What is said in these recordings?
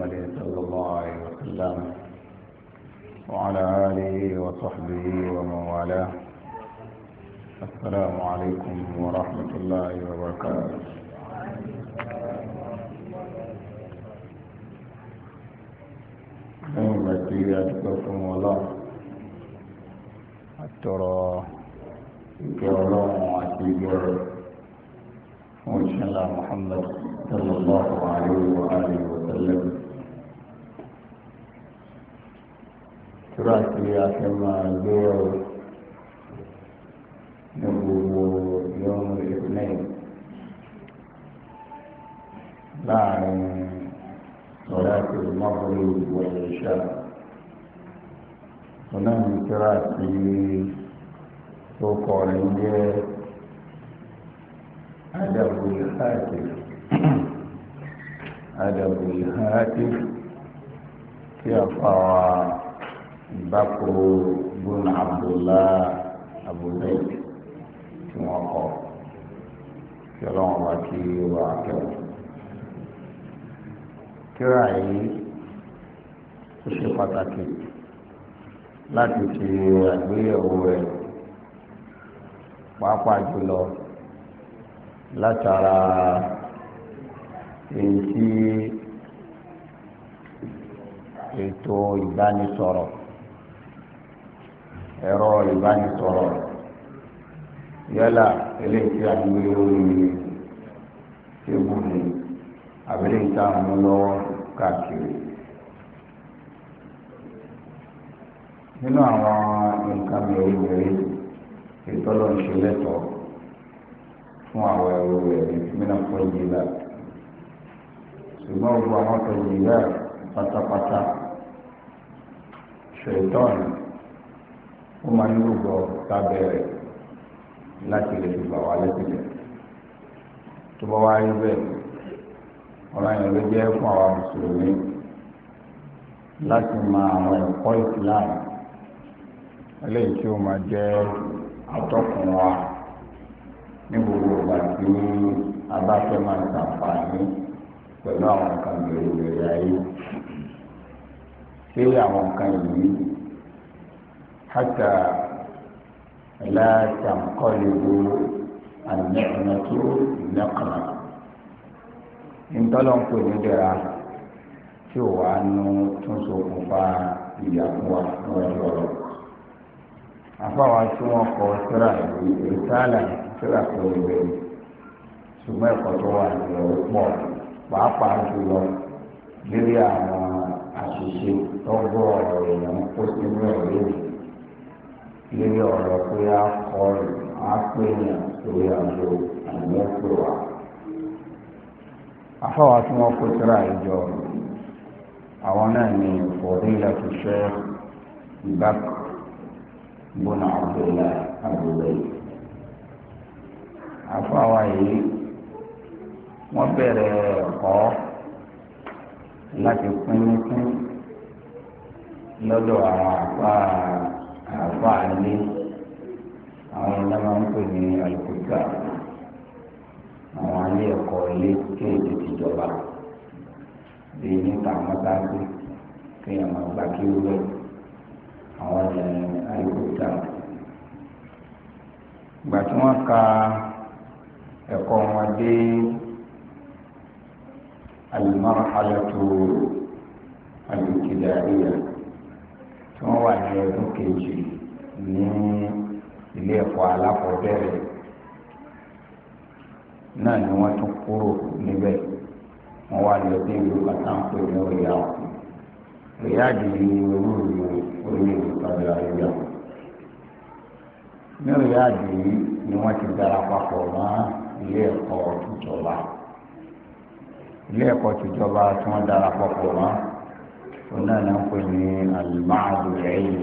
محمد صلى الله عليه وسلم وعلى آله وصحبه ومن والاه السلام عليكم ورحمة الله وبركاته أنا مسيح أتقاكم الله أترى كرام أتقاكم وإن شاء الله محمد صلى الله عليه وآله وسلم tí a fẹ́ máa gbé ọ̀rọ̀ ní gbogbo yọ̀ọ̀mù ìpínlẹ̀ láàrin ọ̀rẹ́ àti ìmọ̀kùnrin ìwọ̀ ìṣá. Onáàmì kíra àti tó kọ jẹ́ Adàbùl Hatif. Adàbùl Hatif kí a fà wá bákò Bun abdullah abudulayi tí wọ́n kọ́ kí ọlọ́run wá kí wà á kẹ́wọ̀. kíra yìí ó ṣe pàtàkì láti ṣe àgbéyẹ̀wò rẹ̀ pàápàá jùlọ ẹ̀rọ ìbánisọ̀rọ̀ yálà eléyìí tí a ń gbé lórí tébù ni àbílẹ̀ ìta mú lọ́wọ́ káàkiri. nínú àwọn nǹkan mi obìnrin ìtọ́lọ̀ ń ṣe lẹ́tọ̀ọ́ fún àwọn ẹ̀rọ rẹ̀ mìíràn fún ìjìlá ṣùgbọ́n gbogbo àwọn tó yìí rẹ̀ pátápátá ṣètọ́nù ó máa ń rúgbọ sábẹ́ rẹ̀ láti lè fi bà wá lẹ́sìlẹ̀ tó bá wá rí bẹ́ẹ̀ ọ̀ràn yẹn ló jẹ́ fún àwa mùsùlùmí láti mọ àwọn ẹ̀kọ́ ìsìláàmù eléyìí tí ó máa jẹ́ atọ́kùn wa ní gbogbo ìgbà tí a bá fẹ́ máa ṣàǹfààní pẹ̀lú àwọn nǹkan mèremère ayé ṣé àwọn nǹkan yìí hàtà látàkọ́lẹ́wò ànẹ́ẹ̀mẹ́tò nẹ́kànnà ntọ́lọ́nkò nídẹ̀ra tí ò wá nú tún ṣokùnfà ìyàwó àtúnwájú ọ̀rọ̀ afáwọn tí wọ́n kọ síra ìwé sálà síra kọ ìwé ṣùgbọ́n ẹ̀kọ́ tó wà ní ọ̀rọ̀ pọ̀ pàápàá jùlọ lórí àwọn àṣìṣe tó gbọ́ ọ̀rọ̀ èèyàn kó sínú ẹ̀rọ yìí. lórí ọ̀rọ̀ pé a kọ́ a pè ní lórí àjò àìmọ́ pè wá. afáwa tí wọ́n kó síra ìjọ àwọn náà ní fòdílà tó ṣe ìbákan gbóná àbúlá àbúrẹ́ yìí. àfáwa yìí wọ́n bẹ̀rẹ̀ ẹ̀kọ́ láti pín pín lọ́dọ̀ àwọn àpá. àfa àlè àwọn ọ̀nà máa ń pè ní àlùkùtà àwọn alé ẹ̀kọ́ ilé kéèké tìjọba bíi níta mọ́tàkì kéèyàn máa gbà kí ó wẹ̀ àwọn ọ̀nà àlùkùtà ìgbà tí wọ́n ka ẹ̀kọ́ wọn dé alimarhalatu alukidariya. tí wọ́n wà ní ọdún kejì ní ilé ẹ̀kọ́ alákọ̀ọ́bẹ̀rẹ̀ náà ni wọ́n tún kúrò níbẹ̀ wọ́n wà ní ọdún ìlú kàtàǹpé ní òyà òyà di olú ìlú orí ìlú ní òyà di ni wọ́n ti mọ́ ilé ẹ̀kọ́ tìjọba ilé ẹ̀kọ́ tìjọba tí wọn náà náà ń pè ní alùmáàdù ẹ̀yìn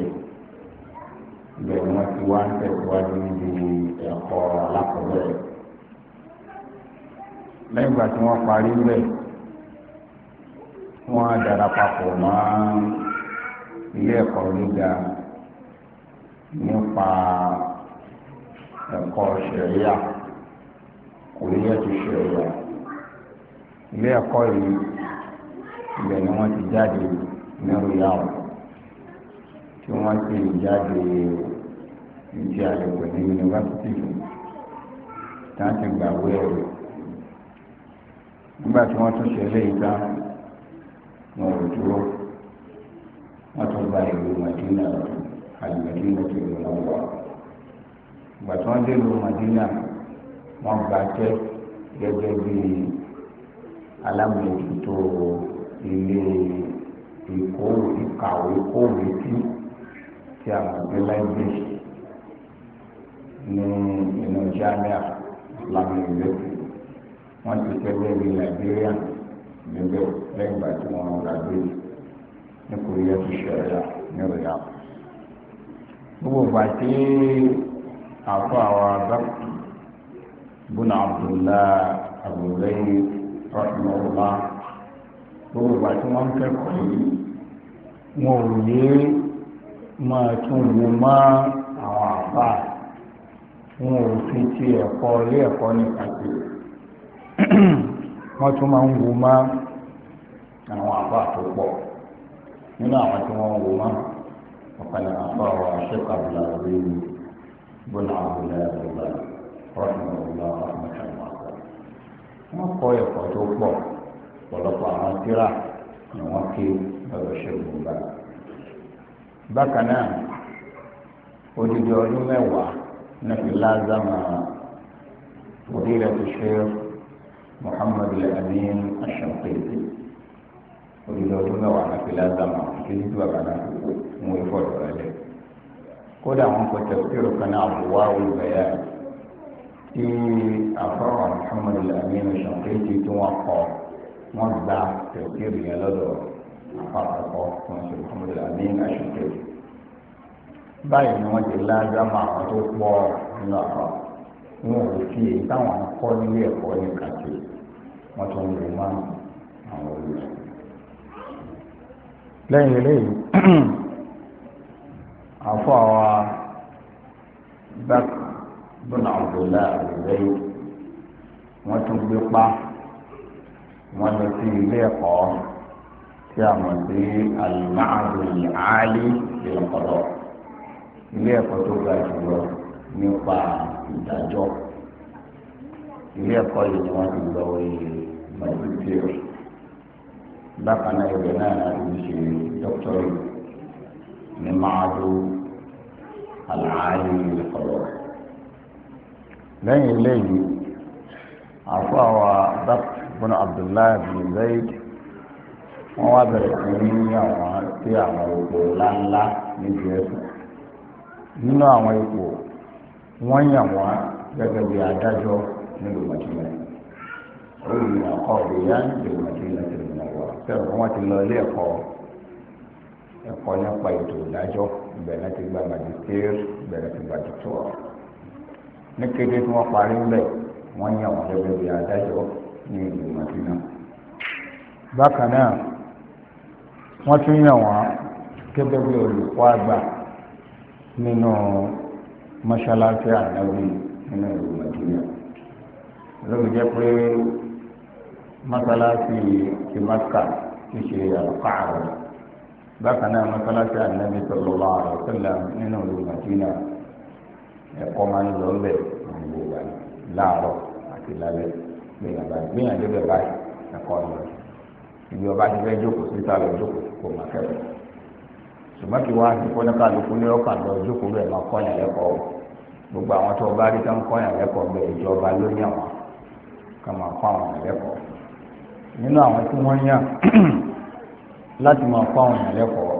ibẹ̀ ni wọ́n ti wá ń tẹ̀síwájú níbi ẹ̀kọ́ alákọ̀ọ́bẹ̀rẹ̀ lẹ́yìn ìgbà tí wọ́n parí bẹ̀ wọ́n darapapọ̀ mọ́ ilé ẹ̀kọ́ gíga nípa ẹ̀kọ́ ṣẹ̀ríà kòríyá ti ṣẹ̀ríà ilé ẹ̀kọ́ yìí ibẹ̀ ni wọ́n ti jáde yìí nírú ìyá wọn tí wọ́n sì jáde ìdí àyẹ̀wò ní yunifásitì tí wọ́n ti gbàwé ẹ̀rọ nígbà tí wọ́n tún ṣe eléyìí tán wọn ò dúró wọ́n tún gba ìlú Madina alimẹdina tó lò wọn wọ ìgbà tí wọ́n dé ìlú Madina wọ́n gba jẹ gẹ́gẹ́ bí alámòjútó ilé ìkó ìkàwé kówé tí tí a mọ̀ pé láìpẹ́ ní inú jamia islamic university wọ́n ti tẹ́lẹ̀ ní Nàìjíríà níbẹ̀ lẹ́yìn ìgbà tí wọ́n gbàgbé ní Korea ti ṣẹ̀rẹ̀ ní ọ̀yà. gbogbo ìgbà tí àfọ àwọn abẹ́kùn bùnà Abdullahi Abdullahi rahmanulah gbogbo ìgbà tí wọ́n ń kẹ́kọ̀ọ́ yìí wọn ò yé máa tún wò má àwọn àbá wọn ò fi ti ẹ̀kọ́ ilé ẹ̀kọ́ nípa sí wọ́n tún máa ń wò má àwọn àbá tó pọ̀ nínú àwọn tí wọ́n ń wò má ọ̀kan ní àbá wa ṣẹ́kọ̀ àbúlà rí bọ́lá àbúlà àbúlà rọ́ọ̀nù àbúlà ọ̀hún ṣàlùmọ́ wọ́n kọ́ ẹ̀kọ́ tó pọ̀ ọ̀pọ̀lọpọ̀ àwọn tíra ni wọ́n ké lọ́dọ̀ ṣẹ́gun bá. bákan náà odidi ọdún mẹ́wàá náà fi láàzámà fadilatu Sheikh Muhammad Al-Amin Ash-Shanqiti odidi ọdún mẹ́wàá náà fi láàzámà títí tí bàbá náà fi kú mú ifọ̀ lọ́rẹ́ kódà wọn kò tẹ̀síìrù kan náà àbúwá olùbẹ̀yà tí àfọwọ́ Muhammad amin ash tí wọ́n kọ́ ọ wọ́n gba tẹ̀síìrì yẹn lọ́dọ̀ àpapọ̀ wọn ṣe kọ́mọdé ní àṣìṣe. báyìí ni wọ́n ti lágbàmọ̀ àwọn tó pọ̀ nínú àpá wọn ò fi èyí táwọn akọ́ nílé ẹ̀kọ́ ní kàtó wọ́n tún lè má àwọn olùsọ. lẹ́yìn eléyìí àfọ àwa bákan bọ́nà àbúlá àbúlá yìí wọ́n tún gbé pa wọ́n lọ sí ilé ẹ̀kọ́ tí a mọ̀ sí alimahadul ali ìlọkọlọ ilé ẹ̀kọ́ tó ga jùlọ nípa ìdájọ́ ilé ẹ̀kọ́ yìí ni wọ́n ti lọ oyè mẹsìtìrì bákan náà ìwé náà láti ṣe dọ́kítọ́rì ní mahadu alaali ìlọkọlọ lẹ́yìn eléyìí àfọ àwa bákan fún abdullahi bin zayd wọ́n wá bẹ̀rẹ̀ sí ní àwọn sí àwọn ipò ńláńlá níbi ẹ̀sùn nínú àwọn ipò wọ́n yàn wọ́n gẹ́gẹ́ bí adájọ́ nílùú madina olùmọ̀ ọkọ̀ ìyá nílùú madina ti lù náà wá bẹ́ẹ̀ wọ́n ti lọ ilé ẹ̀kọ́ ẹ̀kọ́ nípa ètò ìdájọ́ ibẹ̀ náà gba magistrate ibẹ̀ ti gba tuntun ọ̀ ní kété tí wọ́n parí ń bẹ̀ wọ́n yàn wọ́n gẹ́gẹ́ bí adájọ́ ní ìlú Madina bákan náà wọ́n tún yàn wọ́n gẹ́gẹ́ bí olùkọ́ àgbà nínú mọ́ṣáláṣí àdáwì nínú ìlú Madina lórí jẹ́ pé mọ́ṣáláṣí ti Maka ti ṣe àlùkò àwọn bákan náà mọ́ṣáláṣí ànábì sallallahu alaihi wasallam nínú ìlú Madina ẹ̀kọ́ máa ń lọ bẹ̀ láàárọ̀ àti lálẹ́ gbìyànjú gbìyànjú bẹ́ẹ̀ báyìí ẹ̀kọ́ ni ibi ọba ti fẹ́ jókòó síta lọ jókòó kò má kẹ́rọ̀ ṣùgbọ́n kí wọ́n á ti fọ́nká lóko ní ọkà lọ jókòó rẹ̀ máa kọ́ yàn lẹ́kọ̀ọ́ gbogbo àwọn tó bá rí tán kọ́ yàn lẹ́kọ̀ọ́ bẹ́ẹ̀ ìjọba ló ní àwọn ká máa kọ́ àwọn yàn lẹ́kọ̀ọ́ nínú àwọn tí wọ́n yàn láti máa kọ́ àwọn yàn lẹ́kọ̀ọ́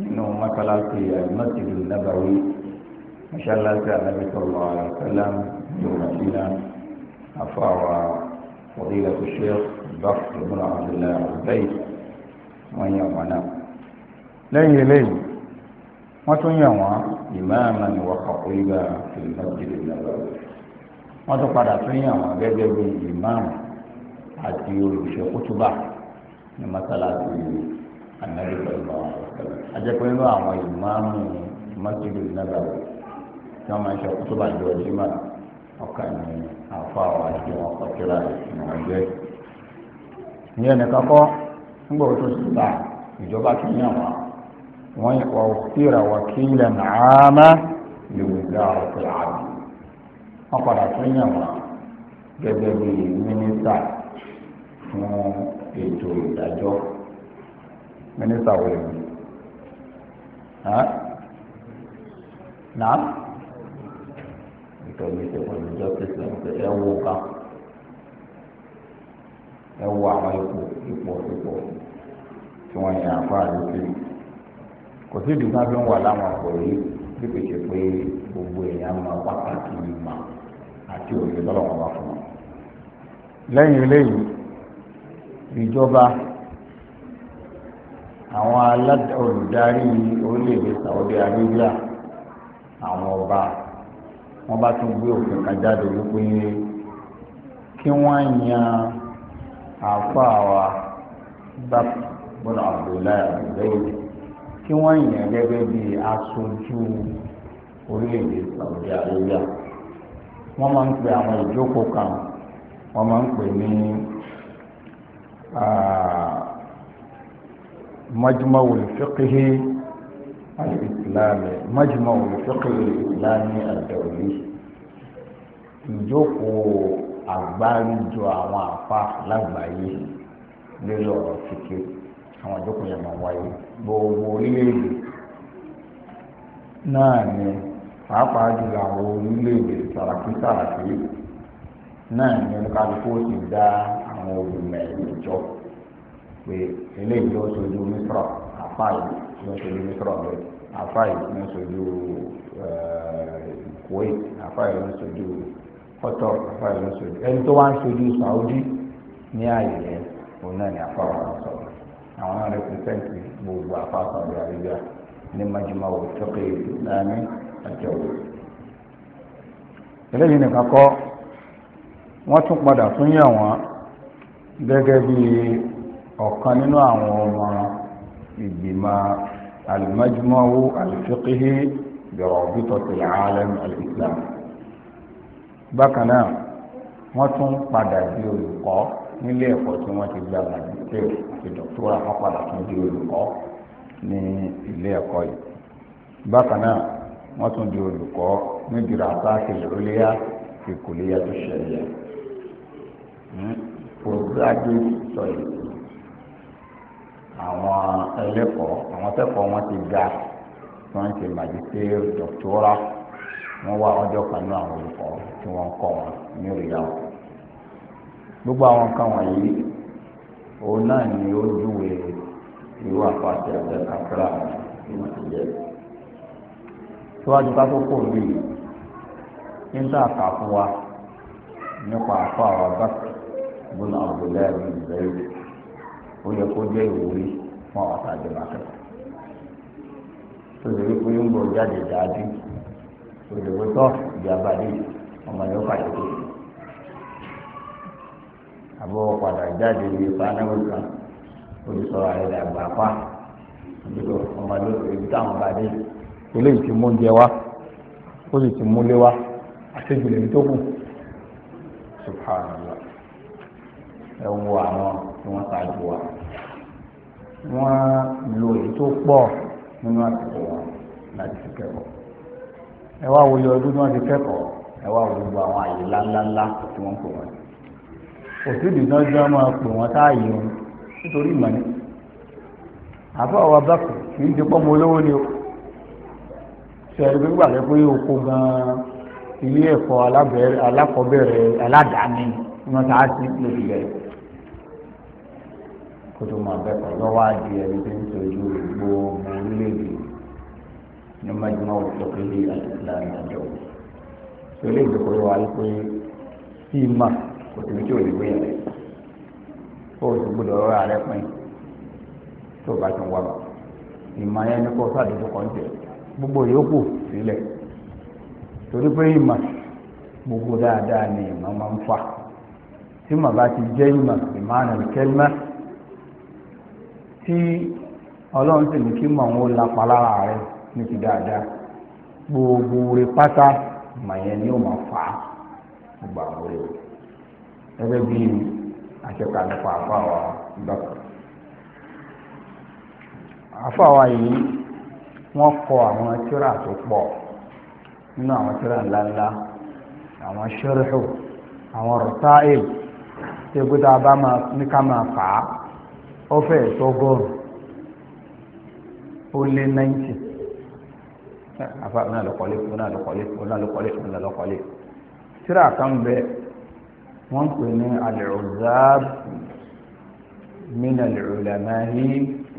nínú mọ́sálásí àlùmọ́sílù nàbàwí mọ́sálásí àlùmọ́sílù nàbàwí أفاوى فضيلة الشيخ بكر بن عبد الله البيت وأن يعمنا لين لين wọ́n tún yàn wọ́n ìmáàmà ni wọ́n kà ó ibà fìlìmọ́tìlì nàbàwò wọ́n tún padà tún yàn wọ́n gẹ́gẹ́ bí ìmáàmù àti olùṣèkútùbà ní mọ́sálásí amẹ́ríkà ajẹ́pẹ́ nínú àwọn ìmáàmù fìlìmọ́tìlì nàbàwò tí wọ́n máa ń ṣe kútùbà ní ọjọ́ ìmọ̀ ọ̀kan ní ìjọba ìmọ̀ràn jẹ́ ìyẹn nìkan kọ́ nígbà tó sì ta ìjọba tó ní àwọn wọ́n yẹ wọ́n fìrà wàkílẹ̀ nàámá lèwe dáhùn pé àbí wọ́n padà tó gẹ́gẹ́ ẹ wọ àwọn ipò ipò ipò tí wọ́n yàn àfa àlùkè kò sí ìdí kan fi ń wà láwọn ọ̀pọ̀ yìí bí kò ṣe pé gbogbo èèyàn máa pàtàkì ìmọ̀ àti òye lọ́rọ̀ wọn bá fún wọn. lẹ́yìn eléyìí ìjọba àwọn olùdarí orílẹ̀-èdè Saudi Arabia àwọn ọba wọn bá tún gbé òfin kan jáde wípé kí wọ́n yan àáfàá wa bàbá bọ́lá abdullahi kí wọ́n yàn gẹ́gẹ́ bí aṣojú orílẹ̀-èdè Saudi Arabia wọ́n máa ń pè àwọn ìjókòó kan wọ́n máa ń pè ní ah, majmaul fiqhi al-islami majmaul fiqhi al ìjókòó. àgbáríjọ àwọn àfa lágbàáyé lórí ọ̀rọ̀ fìkì àwọn àjókòó yẹn máa wáyé gbogbo orílẹ̀-èdè náà ni pàápàá jùlọ àwọn orílẹ̀-èdè sàràkí sàràkí náà ni oníkálukú ó sì dá àwọn olùmọ̀ ẹ̀yìn jọ pé eléyìí ló sojú mísírọ̀ àfa yìí ló sojú mísírọ̀ bẹ́ẹ̀ àfa yìí ló sojú eh, Kuwait àfa yìí ló sojú ọ̀tọ̀ àfa ìlú sojú ẹni tó wá ń sojú Saudi ní ààyè yẹn òun náà ní afa wọn sọ àwọn náà rẹpẹsẹǹtì gbogbo afa Saudi Arabia ní májúmọ́ wò tókè lánàá àti ọ̀wọ́. eléyìí nìkan kọ́ wọ́n tún padà tún yàn wọ́n gẹ́gẹ́ bí ọ̀kan nínú àwọn ọmọ ìgbìmọ̀ al-Majma' al-Fiqhi bi Rabitatil Alam al bákan náà wọ́n tún padà di olùkọ́ nílé ẹ̀kọ́ tí wọ́n ti gba màdìtẹ́ ti dọ̀túrà wọ́n padà tún di olùkọ́ ní ilé ẹ̀kọ́ yìí bákan náà wọ́n tún di olùkọ́ nídìrà sáàkì lóríyá ti kòléyà tó ṣẹlẹ̀ postgraduate study àwọn ẹlẹ́kọ̀ọ́ àwọn akẹ́kọ̀ọ́ wọn ti ga wọ́n ti màdìtẹ́ dọ̀túrà. wọ́n wá ọjọ́ kan náà àwọn olùkọ́ tí wọ́n kọ́ wọn ní òrìyá wọn gbogbo àwọn kan wọ̀nyí òun náà ni ó júwe irú àpàtẹ ọ̀dẹ kakra tí wọ́n ti jẹ́ síwájú ká tó kò rí fún wa nípa àwọn ó yẹ kó jẹ́ ìwúrí fún àwọn tó lè rí pé ń bọ̀ jáde dáadé. òdòdó tọ́ ìjàmbá dé ọmọ yóò fà lókè àbọ̀ padà jáde ní fanáwó kan olùsọ ààrẹ dàgbà pa olùsọ ọmọ lóṣèlú táwọn bá dé eléyìí ti mú oúnjẹ wá ó sì ti múlé wá àṣejù lèmi tó kù subhanallah ẹ wo àwọn tí wọ́n ṣáájú wa wọ́n lo èyí tó pọ̀ nínú àsìkò wọn láti fi kẹ́kọ̀ọ́ ẹ wá wòye ọdún tí wọ́n ti kẹ́kọ̀ọ́ ẹ wá wò gbogbo àwọn àyè ńláńláńlá tí wọ́n pè wọ́n kò sí ìdùnnú ọjọ́ pè wọ́n táàyè wọn nítorí ìmọ̀ ni àbá wa bá kù kì í ti pọ́ mọ olówó ni o ṣe ẹgbẹ́ gbàgbé pé oko gan ilé ẹ̀kọ́ alákọ̀ọ́bẹ̀rẹ̀ aládàáni ni wọ́n ta á sí lórí rẹ̀ kó máa bẹ́ẹ̀ kọ́ lọ́wọ́ adìẹ ẹni tó ń gbogbo orílẹ̀-èdè ní mọ́júmọ́ òṣèlú àtìláàmì àjọ tó lè gbé kóró wa wípé tí ì mà kò síbi tí ò lè gbé yẹn ó sì gbọ́dọ̀ ọ̀rọ̀ ààrẹ pín tó bá tún wà bá ìmọ̀ yẹn ní kó sàdúgbò kan tẹ̀ gbogbo yòókù sílẹ̀ torí pé ìmọ̀ gbogbo dáadáa ni ìmọ̀ máa ń fà tí màá bá ti jẹ́ ìmọ̀ ìmọ̀ kẹ́límà tí ọlọ́run sì ní kí mọ̀ ń lápa lára rẹ̀. ní ti dáadáa gbogbo rẹ pátá màyẹn ni ó máa fà á gbogbo àwọn rẹ ẹgbẹ́ bíi àṣekà nípa àfàwà dọ́kítà àfàwà yìí wọ́n kọ àwọn tírà tó pọ̀ nínú àwọn tírà ńláńlá àwọn ṣẹ́rẹ́hù àwọn rọ̀táìl tí ó ní ká máa fà á afa ọ̀nà àlọ́kọ̀lé ọ̀nà àlọ́kọ̀lé ọ̀nà àlọ́kọ̀lé ọ̀nà àlọ́kọ̀lé tíra kan bẹ wọn pè ní al-Uzzab min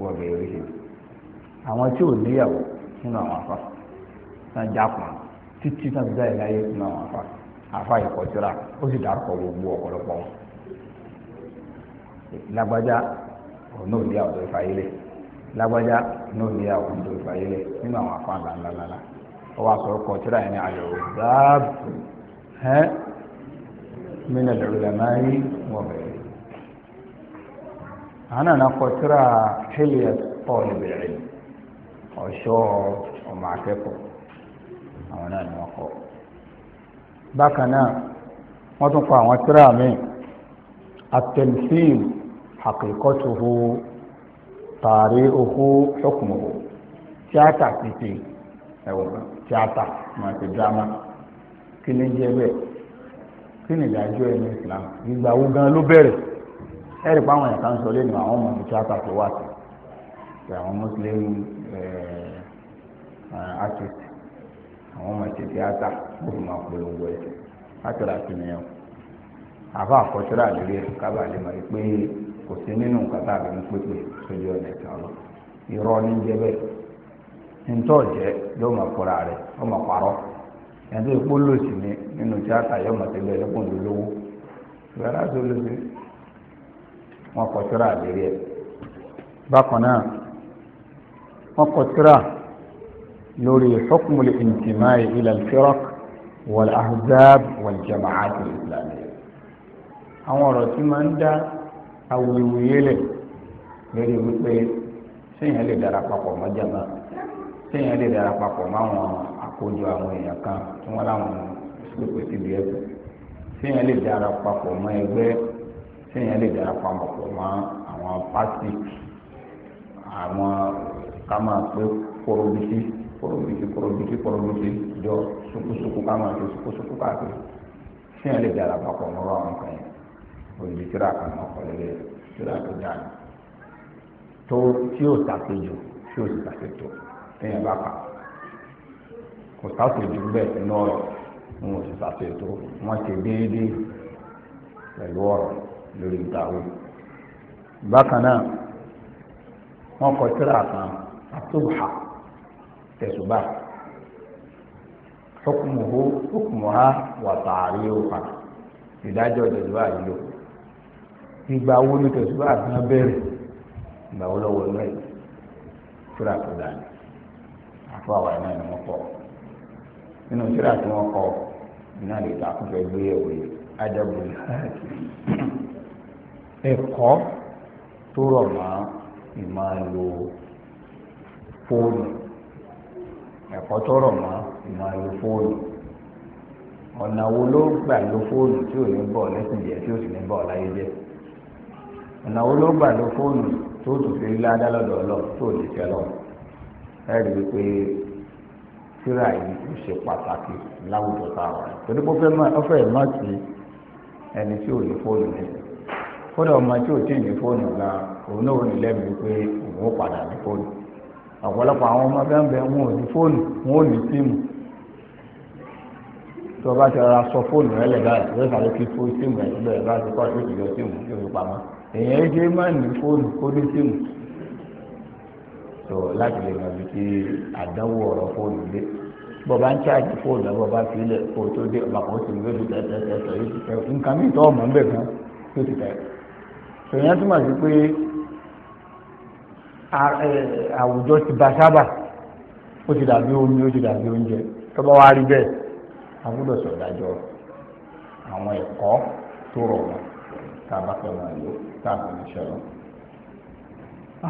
wa àwọn tí ò níyàwó nínú àwọn afa náà jápọn títí náà fi dáyé láyé àwọn afa afa yìí kọ si ó sì dárúkọ gbogbo ọ̀pọ̀lọpọ̀ wọn lágbájá ọ̀nà òdìyàwó tó fà lé náà ní àwọn ọmọdé ìfàyè lẹ nínú àwọn afọ àgbà ńláńlá ó wàá sọ ọkọ tíra yẹn ní ayọ̀ záàbù ẹ́ mínà lọ́rọ̀ máyé bẹ̀rẹ̀ kọ tíra helios paul bẹ̀rẹ̀ ọ̀ṣọ́ ọmọ akẹ́kọ̀ọ́ àwọn náà ni wọ́n kọ́ bákan náà wọ́n tún kọ àwọn tíra tààrí okú ṣọkùnmọ̀ tíátà títì ẹ̀wọ̀n tíátà máa ti dírámà kí ni jẹ́ bẹ́ẹ̀ kí ni ìdájọ́ ẹni Islam ìgbà wo gan ló bẹ̀rẹ̀ ẹ̀rì pa àwọn ẹ̀ka ń sọ lẹ́nu àwọn ọmọ ní tíátà tó wà sí pé àwọn Muslim eh, eh, artist àwọn ọmọ ti tíátà ó fi máa polongo ẹ̀sìn nìyẹn àbá àkọsílẹ̀ kò sí nínú nǹkan tá a fi ń pèpè sójú ọ̀nà ìtàn ọ̀rọ̀ irọ́ ní jẹ́ bẹ́ẹ̀ ntọ́ jẹ́ yóò máa fura rẹ̀ yóò máa parọ́ ẹni tó kó lòsì ní nínú tíátà yóò máa tẹ́lẹ̀ lẹ́kùn lólówó ìgbà láti olóṣè wọn kọ síra àlérí ẹ̀ bákan náà wọn kọ síra lórí hukmul intima'i ila al-firaq wal ahzab wal jama'at al àwọn ọ̀rọ̀ tí máa ń dá awuyewuye lẹ̀ lórí wípé sẹ́yìn lè dara papọ̀ mọ́ jàmbá sẹ́yìn lè dara papọ̀ mọ́ àwọn àkójọ àwọn èèyàn kan tí wọ́n láwọn pèpè síbi ẹ̀kọ́ sẹ́yìn lè dara papọ̀ mọ́ ẹgbẹ́ sẹ́yìn lè dara papọ̀ mọ́ àwọn pátì àwọn ká máa pé korobisi korobisi korobisi korobisi jọ sukusuku ká máa ṣe sukusuku káàkiri sẹ́yìn lè dara papọ̀ mọ́ àwọn kan yẹn òyìnbí tíra kan náà kọ lórí rẹ̀ tíra tó dáa ni tó tí yóò tàpéjọ tí yóò sì tàpéjọ téèyàn bá kà kò tàpéjọ bẹ́ẹ̀ nínú ọ̀rọ̀ wọn ò sì tàpéjọ wọn ti déédéé pẹ̀lú ọ̀rọ̀ lórí ìdáwó bákan náà wọn kọ tíra kan àtúbà tẹ̀sùn báyìí hukumuhu hukumuha wa taariuha ìdájọ́ ìdẹ̀dùwà yìí lò ìgbà wo ni tẹ̀síwá àfihàn bẹ̀rẹ̀ ìgbà wo lọ́wọ́ lọ́wọ́ yìí síra tó dáa ni àfọ àwọn ẹ̀nà ni wọ́n kọ́ nínú síra tí wọ́n kọ́ iná lè ta kó fẹ́ gbé yẹ̀wò yìí ajabu ẹ̀kọ́ tó rọ̀ mọ́ ìmọ̀ lo fóònù ẹ̀kọ́ tó rọ̀ mọ́ ìmọ̀ lo fóònù ọ̀nà wo ló gbà lo fóònù tí ò ní bọ̀ lẹ́sìn jẹ́ tí ò sì ní bọ̀ láyé jẹ́ ọ̀nà wo ló gbà ló fóònù tó tù fi ládá lọ́dọ̀ ọlọ́ tó lè fẹ́ lọ. ẹ rí i pé síra yìí ó ṣe pàtàkì láwùjọ tá a wà torí pé ó fẹ́ mọ̀ sí ẹni tí ò ní fóònù rẹ̀ kódà ọmọ tí ò tí ì ní fóònù la òun náà ò ní lẹ́mìí pé òun ó padà ní fóònù ọ̀pọ̀lọpọ̀ àwọn ọmọ bẹ́ẹ̀ bẹ́ẹ̀ wọn ò ní fóònù wọn ò ní síìmù tí wọ́n bá ti rọra sọ fóònù rẹ̀ lẹ̀ èèyàn ṣe máa ní fóònù kó ní síìmù tó láti lè mọ ibi tí àdánwò ọ̀rọ̀ fóònù dé bó bá ń ṣáàjì fóònù bó bá fi ilẹ̀ kó tó dé ọba kan ọmọ kan tó ti tẹ́ túmọ̀ sí pé àwùjọ ti ba sábà ó ti dàbí omi ó ti dàbí oúnjẹ tó bá wá rí bẹ́ẹ̀ a sọ̀dájọ́ àwọn ẹ̀kọ́ tó rọ̀ wọn tá a تعمل ان شاء الله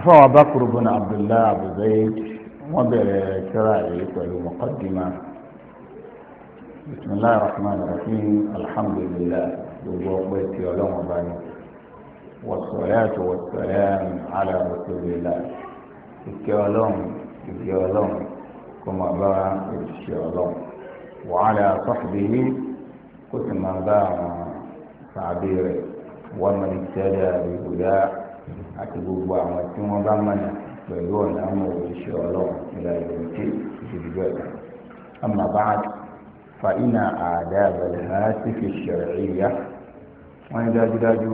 روى بكر بن عبد الله ابو زيد مدر كراعي مقدمة بسم الله الرحمن الرحيم الحمد لله رب بيتي ولوم بني والصلاة والسلام على رسول الله الكيولوم الكيولوم كما باع الشيولوم وعلى صحبه قسم باع تعبيره wọ́n mọ̀ ìtẹ́lẹ̀ àbíkúdá àti gbogbo àwọn tí wọ́n bá mọ̀nà pẹ̀lú ọ̀nà àwọn òṣìṣẹ́ ọlọ́run ìlà ìrètí ìṣèjúbọ ẹ̀ka. أما بعد فإن آداب الهاتف الشرعية wọ́n dájúdájú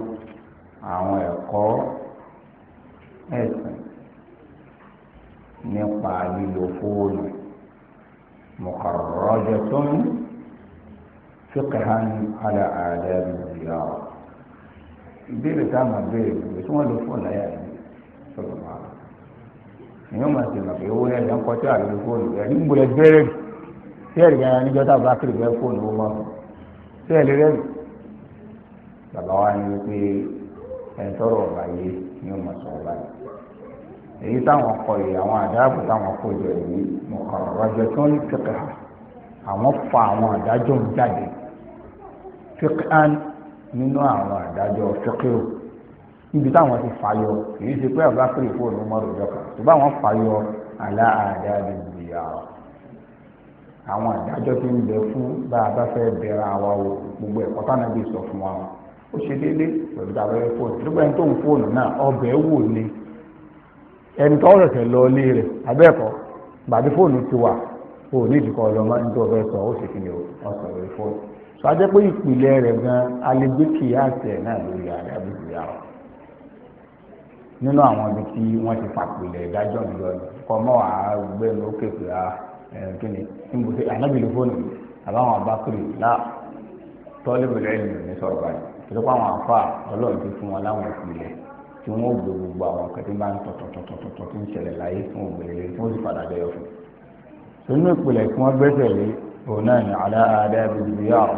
àwọn ẹ̀kọ́ ẹ̀sìn nípa lílo fóònù مخرجة فقها على آداب الزيارة ìbéèrè tá a máa béèrè ìgbésí tí wọ́n lò fóònù láyà ma sọ̀rọ̀ máa èèyàn máa ṣe màpé owó ẹ̀rọ ń kọjá àlọ́ fóònù rẹ̀ ní gbọ́dọ̀ bẹ́ẹ̀rẹ̀ tí ẹ̀rì yẹn níjọ́ tá bá kiri bẹ́ẹ̀ fóònù owó máa tí bàbá wa ẹni tọrọ ọba ni máa sọ ọba yìí èyí táwọn kọ yìí àwọn àdáàbò táwọn jọ yìí tí wọ́n àwọn fa àwọn àdájọ́ nínú àwọn àdájọ fíkìrù níbi táwọn ti fàyọ kìí ṣe pé ọba pèrè tó bá wọn fàyọ aláàdá lè yàrá àwọn àdájọ ti ń bẹ fún bá a bá fẹ́ bẹ̀rẹ̀ àwa o gbogbo ẹ̀kọ́ táwọn ẹbí sọ fún wa ó ṣe délé pẹ̀lú tàbí ẹ̀rọ fóònù tó tó ń fóònù náà ọbẹ̀ wò ni ẹni tó lọ rẹ̀ abẹ́ẹ̀kọ́ gbàdí fóònù ti wà o ní ọlọ́mọ nítorí ọbẹ̀ sọ ó sì fi ọ sọ ajẹ́ pé ìpìlẹ̀ rẹ̀ gan alẹ́gbẹ́ kìíyàsẹ̀ náà lórí ààrẹ abúlé àwọn nínú àwọn ibi tí wọ́n ti pàpìlẹ̀ ìdájọ́ mi lọ kọ́ mọ́ àgbẹ̀nu ó kéèké a kíni níbùsẹ̀ ànábìlú fóònù àbáwọn abákùrì náà tọ́lébìlẹ̀ ìlú ní sọ̀rọ̀ báyìí ìdókòwò àwọn afa ọlọ́run ti fún wọn láwọn ìpìlẹ̀ tí wọ́n gbé gbogbo àwọn kẹtí máa ń tọ̀tọ̀tọ̀tọ̀tọ̀ tí ń ṣẹlẹ̀ láyé fún ògbèrè tí wọ́n sì padà jẹyọ fún un. sínú ìpìlẹ̀ tí wọ́n gbẹ́sẹ̀ lé òun náà ní alá adá bìbí yàrá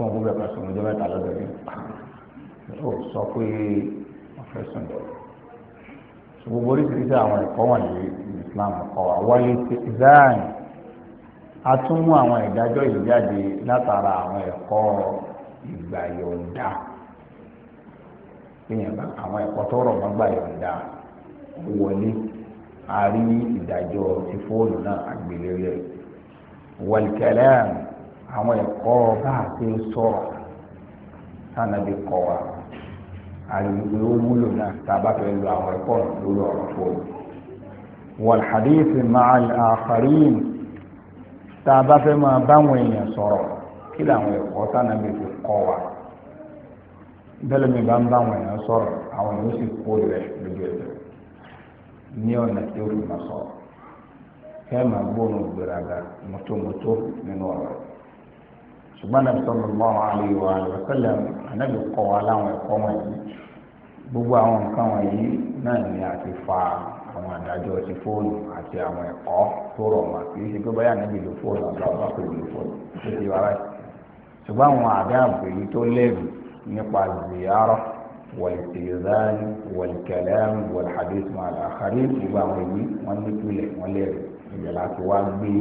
fún òun bẹ̀rẹ̀ pàṣẹ ọmọdé mẹ́ta lọ́dọ̀ yìí ó sọ pé wọ́n fẹ́ sùn lọ. gbogbo oríṣiríṣi àwọn ẹ̀kọ́ wọ̀nyí Islam kọ́ àwọlé ti zayn a tún mú àwọn ìdájọ́ yìí jáde látara àwọn ẹ̀kọ́ ìgbà yọ̀ǹda èèyàn àwọn ẹ̀kọ́ tó rọ̀ mọ́gbà yọ̀ǹda wọlé a rí ìdájọ́ ti fóònù náà àgbélé rẹ̀ wal àwọn ẹ̀kọ́ bá a ṣe sọ̀rọ̀ sànàbí kọ́ wa àlùgbé ó wúlò náà tá fẹ́ lo àwọn ẹ̀kọ́ lórí ọ̀rọ̀ fún un. والحديث مع الآخرين tá a bá fẹ́ máa báwọn èèyàn sọ̀rọ̀ kí làwọn ẹ̀kọ́ sànàbí fi kọ́ wa bẹ́ẹ̀ mi bá ń báwọn èèyàn sọ̀rọ̀ àwọn èèyàn sì kó rẹ̀ lójú ẹ̀sẹ̀ ní ọ̀nà tí ó fi máa sọ̀rọ̀ kẹ́ẹ̀ máa gbóòórùn gbéraga mọ́tòmọ́tò nínú ọ̀rọ̀ ṣùgbọ́n náà Ànábì sallallahu alaihi wa sallam Ànábì kọ́ wa láwọn ẹ̀kọ́ wọ̀nyí gbogbo àwọn nǹkan wọ̀nyí náà ni a ti fa àwọn àdájọ́ ti fóònù àti àwọn ẹ̀kọ́ tó rọ̀ mà kì í ṣe pé báyà níbi ìlú fóònù àbá ọba pé lò fóònù tó ti wára ṣùgbọ́n àwọn àdáàbò èyí tó lẹ́rù nípa ziyarọ wal-istizan wal-kalam wal gbogbo àwọn èyí wọ́n ní wọ́n lẹ́rù ìgbàlá ti wá gbé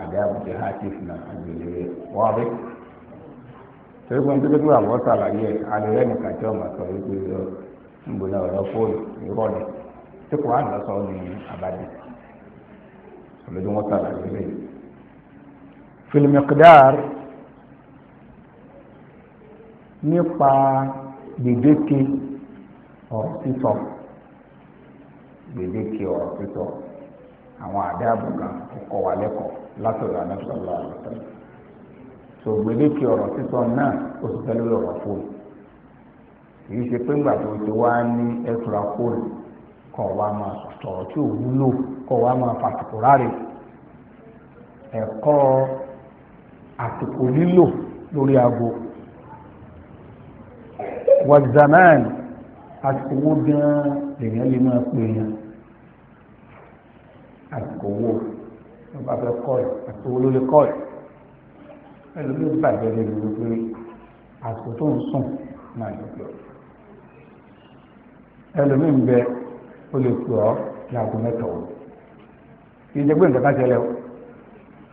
àdáàbò ti hàtìf náà àgbèlè wọ́n rí torí pé nítorí pé àwọn sàlàyé alẹ́ nìkan tí wọ́n máa sọ wípé ọ níbo náà ọ̀rọ̀ fóònù irọ́ ni tí kò hàn lọ́sọ̀ọ́ ní abadé olójú wọn sàlàyé rẹ̀. fìlìmìkìdáàr nípa gbèdéke ọ̀rọ̀ sísọ gbèdéke ọ̀rọ̀ sísọ àwọn àdáàbò kan kọ́ wa lẹ́kọ̀ọ́ látọ̀dọ̀ anáfíà lọ́wọ́ àlùfáà sògbélékè ọ̀rọ̀ sísọ náà ó sì fẹ́ lórí ọ̀rọ̀ fóònù kì í ṣe pé ńgbà tó ti wá ní ẹ̀tura fóònù kọ̀ wá máa sọ̀rọ̀ tí ò wúlò kọ̀ wá máa fàtìkù ráre ẹ̀kọ́ àsìkò lílò lórí aago wàzàmán àsìkò wo gan-an lèèyàn lè máa pè yàn àsìkò wo ló bá fẹ́ kọ́ ẹ̀ àsìkò wo ló lè kọ́ ẹ̀ ẹlòmíì bàjẹ́ lè lò wípé àsìkò tó ń sùn náà ló pè ọ́ ẹlòmíì ń bẹ ó lè pè ọ́ láago mẹ́tọ̀ ọ́ kì í nǹkan kan ṣẹlẹ̀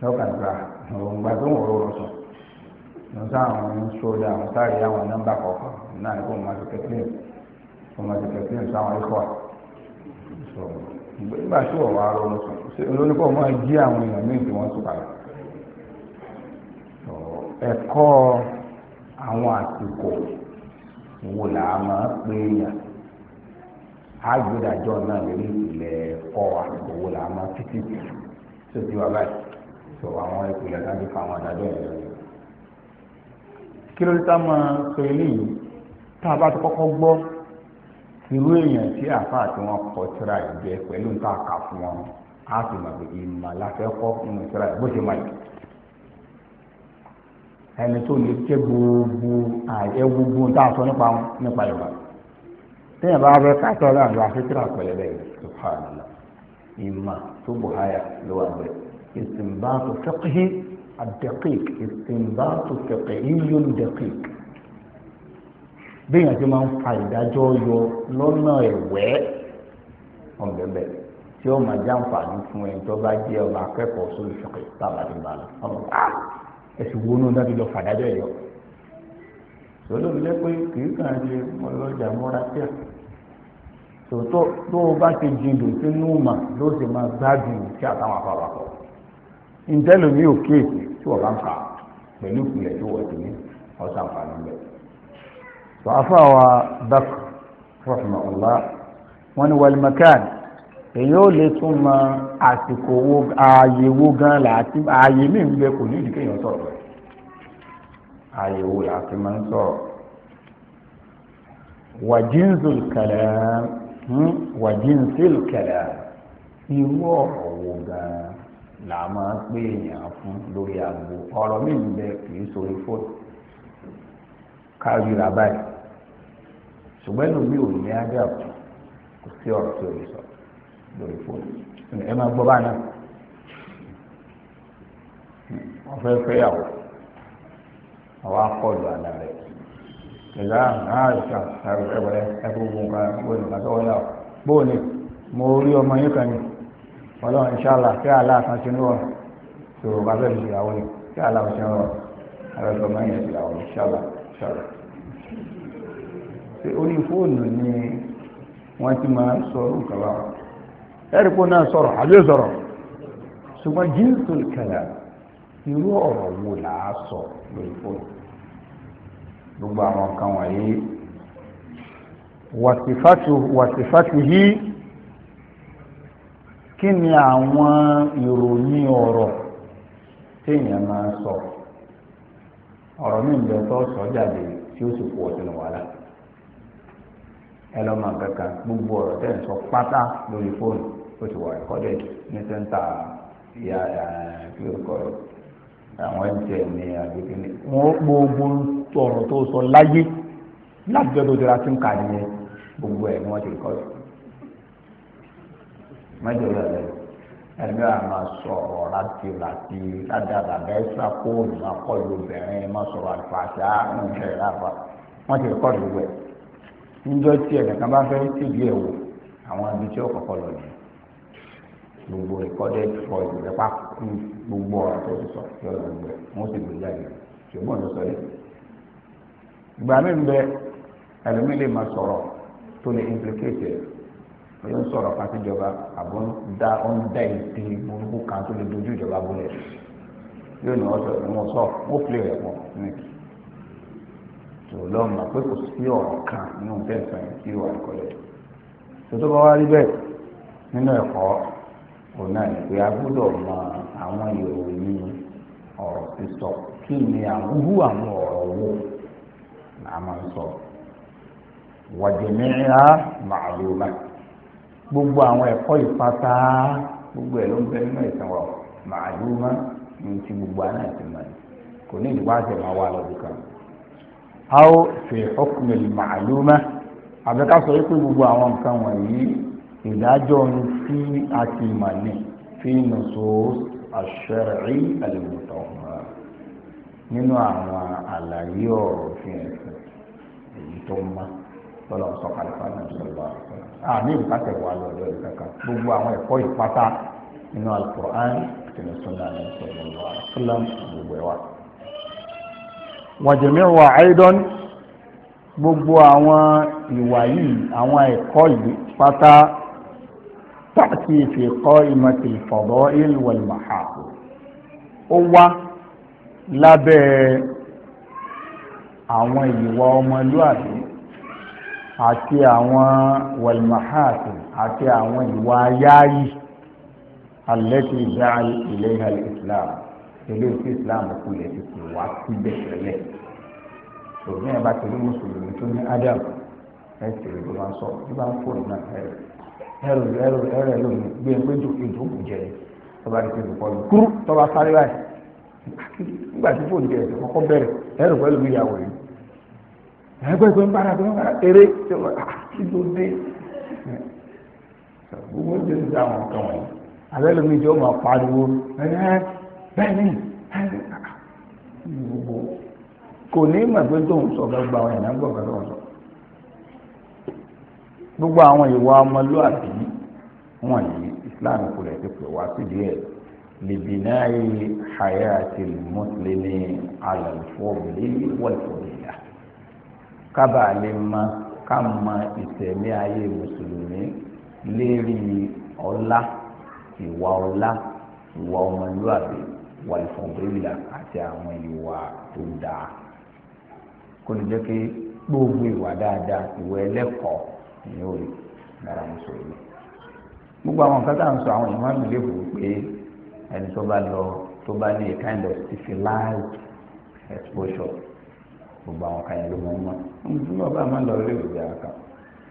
lọ́kàn gba òǹgbà tó ń wọ̀rọ̀ sùn lọ́sọ̀ àwọn ń àwọn sáré àwọn nọ́mbà kọ̀ọ̀kan náà ni kò máa ti kẹ́kẹ́ kò máa ti kẹ́kẹ́ sáwọn ikọ̀ nígbà tí wọ́n wá rọrùn sùn olóníkọ̀ máa jí àwọn èèyàn míì tí wọ́n sùn kàlẹ́. ẹ̀kọ́ àwọn àsìkò wo là á máa pé yàn àgbèdàjọ náà lórí ìpìlẹ̀ ẹ̀kọ́ àsìkò wo là á máa títí tó ti báyìí àwọn ìpìlẹ̀ láti fa àwọn àdájọ́ yẹn lórí. kí ló dé tá máa sọ eléyìí tá a bá ti kọ́kọ́ gbọ́ irú èèyàn tí àáfàá tí wọ́n kọ́ ìjẹ pẹ̀lú nǹkan àkà fún wọn á sì mọ̀ pé ìmọ̀ láfẹ́ kọ́ nínú ṣe ẹni tó lè ké gbogbo àyẹ gbogbo tá a sọ nípa wọn nípa yorùbá téèyàn bá fẹ́ káàtó ọlọ́run lọ àfikírà pẹ̀lẹ́ bẹ́ẹ̀ subhanallah ìmà tó buhaya ló wà bẹ́ẹ̀ istinbatu fiqhi ad-daqiq istinbatu fiqhiyyun daqiq béèyàn ti máa ń fa ìdájọ́ yọ lọ́nà ẹ̀wẹ́ ọ̀gbẹ́bẹ̀ tí ó máa jàǹfààní fún ẹni tó bá jẹ́ ọba akẹ́kọ̀ọ́ sórí fiqhi tábàdìbà lọ ẹ̀sùn wo náà dábì lọ fàdájọ́ ẹ̀yọ́ sọlọ́ọ̀ lẹ́ pé kìí kàn ṣe ọlọ́jà mọ́ra tẹ̀ tòótọ́ tó o bá ti jìndò sínú mà ló sì máa gbádùn sí àtàwọn àpapọ̀ ìtẹ́lómi ò kéèkì tí wọ́n bá ń kà pẹ̀lú ìpìlẹ̀ tí wọ́n ti ní ọ̀sán àǹfààní bẹ́ẹ̀. sọ afọ àwa bak rahmanulah wọn ni wàlúmọ̀káàdì èyí ò lè tún mọ àsìkò wo ààyè wo gan láti ààyè mí ń bẹ kò ní ìdíkẹ́ yẹn sọ̀rọ̀ ààyè wo láti máa ń sọ̀rọ̀ wàjínsìl kalam hmm? wàjínsìl kalam irú ọ̀rọ̀ wo gan là máa pé èèyàn fún lórí àgbo ọ̀rọ̀ mí ń bẹ kì í sórí fóònù káríra báyìí ṣùgbọ́n ẹnu mi ò ní ádáàbò kò sí ọ̀rọ̀ tí o sọ̀rọ̀ lórí fóònù ẹ máa gbọ́ báyìí wọ́n fẹ́ fẹ́yàwó àwọn akọ́lù àlà rẹ̀ ìlà àìsà ẹ̀wẹ̀rẹ̀ ẹ̀fọ́gbọ̀n kan wọ́n ìgbà tó wọ́n yà bóun ni mo rí ọmọ yín kan ní ọlọ́run ṣáàlà kí àlà kan ti ní wọn tòrò bá fẹ́ fi àwọn ni kí àlà ti ní wọn àwọn ọmọ yẹn ti àwọn ṣáàlà ṣáàlà. orí fóònù ni wọ́n ti máa ń sọ nǹkan báwọn ẹ̀rìkó náà sọ̀rọ̀ àbí sọ̀rọ̀ ṣùgbọ́n jíǹsù kẹlẹ irú ọ̀rọ̀ wo là á sọ lórí fóònù gbogbo àwọn kan wọ̀nyí wàsífàtù wàsífàtù yìí kí ni àwọn ìròyìn ọ̀rọ̀ téèyàn máa sọ ọ̀rọ̀ mi ń bẹ tó sọ jáde tí ó sì kú ọ̀sẹ̀ wàhálà ẹ lọ́ọ́ máa kankan gbogbo ọ̀rọ̀ tẹ̀ ń sọ pátá lórí fóònù ó ti wà recorded ní sẹ́ńtà ìyá kí ló kọ́ àwọn mtn ní agbègbè ní. wọ́n gbogbo ọ̀rọ̀ tó sọ láyé láti ọdún tó ra sim card yẹn gbogbo ẹ̀ ni wọ́n ti record. mẹ́jọ yóò lẹ́yìn ẹgbẹ́ àmà sọ̀rọ̀ láti láti ládàbà bẹ́ẹ̀ sàkóònù akọ́lù obìnrin má sọ̀rọ̀ àlùfàṣà ń bẹ̀rẹ̀ láfa wọ́n ti record gbogbo ẹ̀. níjọ́ tí ẹ̀ẹ̀kan bá fẹ́ tìjú ẹ̀ wò àwọn ibi tí ó kọ̀kọ́ lọ nìyẹn. gbogbo recorded for ìjọba kú gbogbo ọ̀rọ̀ tó ti sọ yọ̀ọ́ gbogbo ẹ̀ wọ́n sì gbé jáde ṣùgbọ́n ló sọ yìí. ìgbà mi ń bẹ ẹlòmíì lè tó lè kan síjọba àbọ̀ ń da ń dá burúkú kan tó lè dojú ìjọba bolẹ̀ yóò ní sọ wọ́n fi rẹ̀ pọ̀ níbi tó lọ́mọ pé kò sí kan nínú tẹ̀sán tí wà ní tó òun náà ní pé a mọ àwọn ìròyìn ọ̀rọ̀ sísọ kí ni àwọn àwọn ọ̀rọ̀ wo a máa ń sọ gbogbo àwọn ẹ̀kọ́ ìpátá gbogbo ẹ̀ ló ń bẹ nínú ìtàn wa màlúmá ní ti gbogbo àná ti mọ̀ kò ní ìdíwá àti ìmọ̀ wa lọ́dún kan. a ó fi ọkùnrin màlúmá sọ wípé gbogbo àwọn nǹkan wọ̀nyí. ìdájọ́ ohun tí a ti mà ní fi nusus ash-shar'i al-mutahhar nínú àwọn àlàyé ọ̀rọ̀ òfin ẹ̀sìn èyí tó ń má lọ́lọ́ sọ kàlífà náà sọ̀rọ̀ à ní ìbáṣẹ̀ wà lọ́dọ̀ rẹ̀ kankan gbogbo àwọn ẹ̀kọ́ ìpátá nínú al-Qur'an àti ní sunnah náà sọ̀rọ̀ lọ́wọ́ àṣìlá gbogbo ẹ̀ wà. wọ́n jẹ̀mí wà áìdọ́n gbogbo àwọn ìwà yìí àwọn ẹ̀kọ́ yìí tààtì fi qa'imatil fada'il wal mahasib ó wá lábẹ́ àwọn ìwà ọmọlúwàbí àti àwọn wal mahasib àti àwọn ìwà yááyì allati da'a ilayha al-islam pẹ̀lú ìfi islam kù lè ti pè wá síbẹ̀ tẹ́lẹ̀ òmìnira bá tẹ̀lé mùsùlùmí tó ní adam ẹ̀ tẹ̀lé tó máa sọ bí bá ń fò náà ẹ̀ ẹrù ẹrù ẹrù ẹrù gbé gbé e ìdókòwò jẹ tọba ní pé bùkọ́ lù kúrú tọba sáré báyìí nígbà tí fóònù jẹ ẹsẹ̀ kọ́kọ́ bẹ̀rẹ̀ ẹrù pẹ̀lú mi yà wọ̀nyí ẹgbẹ́ ìgbẹ́ ń bára ń bára eré tí wọ́n ti tó ah, dé gbogbo ń tẹ̀sí àwọn kan wọ̀nyí abẹ́lẹ̀ mi jẹ́ ọmọ pariwo bẹ́ẹ̀ ni ah. gbogbo kò ní mọ̀ pé tóun sọ gbogbo àwọn ìyàn gbọ̀ gbogbo sọ gbogbo àwọn ìwà ọmọlúwàbí wọ̀nyí islam kò rẹ̀ ti pè wá sí díẹ̀ libinayi hayati muslimi alalfobili wọlfobila kábàlì ma ká ma ìtẹ̀mí ayé mùsùlùmí lérí ọlá ìwà ọlá ìwà ọmọlúwàbí wọlfobila àti àwọn ìwà tó dáa kò ní jẹ́ kí gbogbo ìwà dáadáa ìwà ẹlẹ́kọ̀ọ́. èyí ò rí lára mùsùlùmí gbogbo àwọn nǹkan tá à ń sọ àwọn èèyàn a kind of civilized exposure gbogbo àwọn kan yẹn ló máa ń mọ máa ń lọ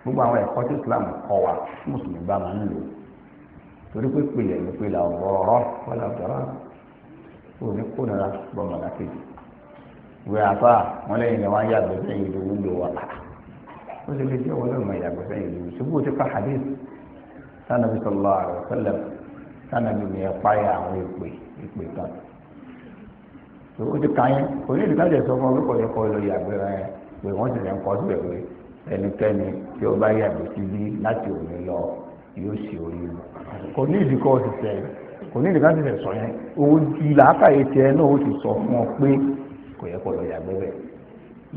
gbogbo àwọn ẹ̀kọ́ Islam kọ́ wa mùsùlùmí bá máa ń lò torí pé pilẹ̀ ló pe làwọn ọ̀rọ̀ wọlé àbúrò òní kó nira bọ́mọ̀lá kejì wíwá ó sì lè jẹ́ wọn lọ́mọ ìyàgbọ́ sẹ́yìn lórí ṣùgbọ́n ti kọ́ hadith sanabi sallallahu alaihi wasallam sanabi ni ẹ páyà àwọn èpè èpè kan ó ti ka yẹn onídìí ká lè sọ fún ọgbẹ́kọ̀ọ́ yẹn kọ́ lọ yàgbẹ́ rẹ pé wọ́n sì lè ń kọ́ síbẹ̀ pé ẹnikẹ́ni tí ó bá yàgbẹ́ sí bí láti òní lọ yóò ṣe orí mu kò ní ìdíkọ́ òṣìṣẹ́ kò ní ìdíkọ́ òṣìṣẹ́ sọ yẹn owó làákàyè tiẹ̀ náà ó ti sọ fún ọ pé kò yẹ kọ́ lọ yàgbẹ́ bẹ́ẹ̀